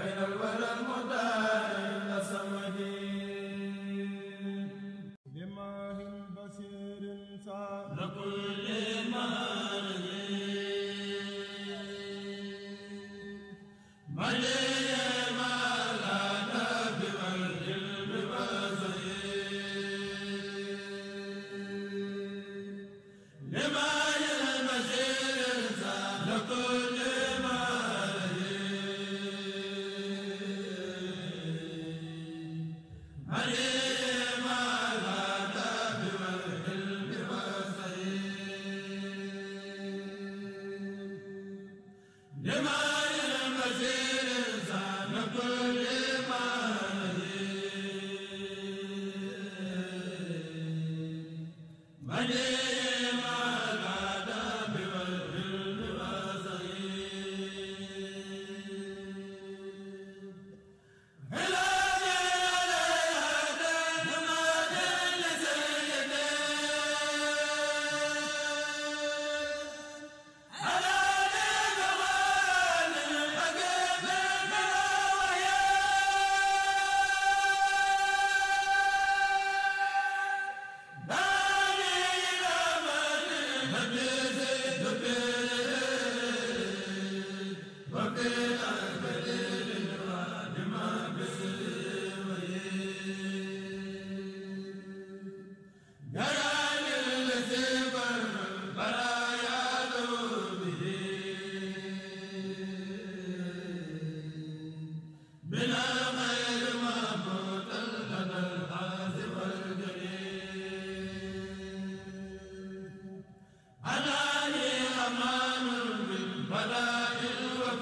bayna al wara al muda lima Muhammad